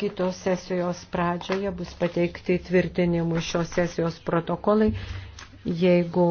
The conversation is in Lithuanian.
kitos sesijos pradžioje bus pateikti tvirtinimų šios sesijos protokolai. Jeigu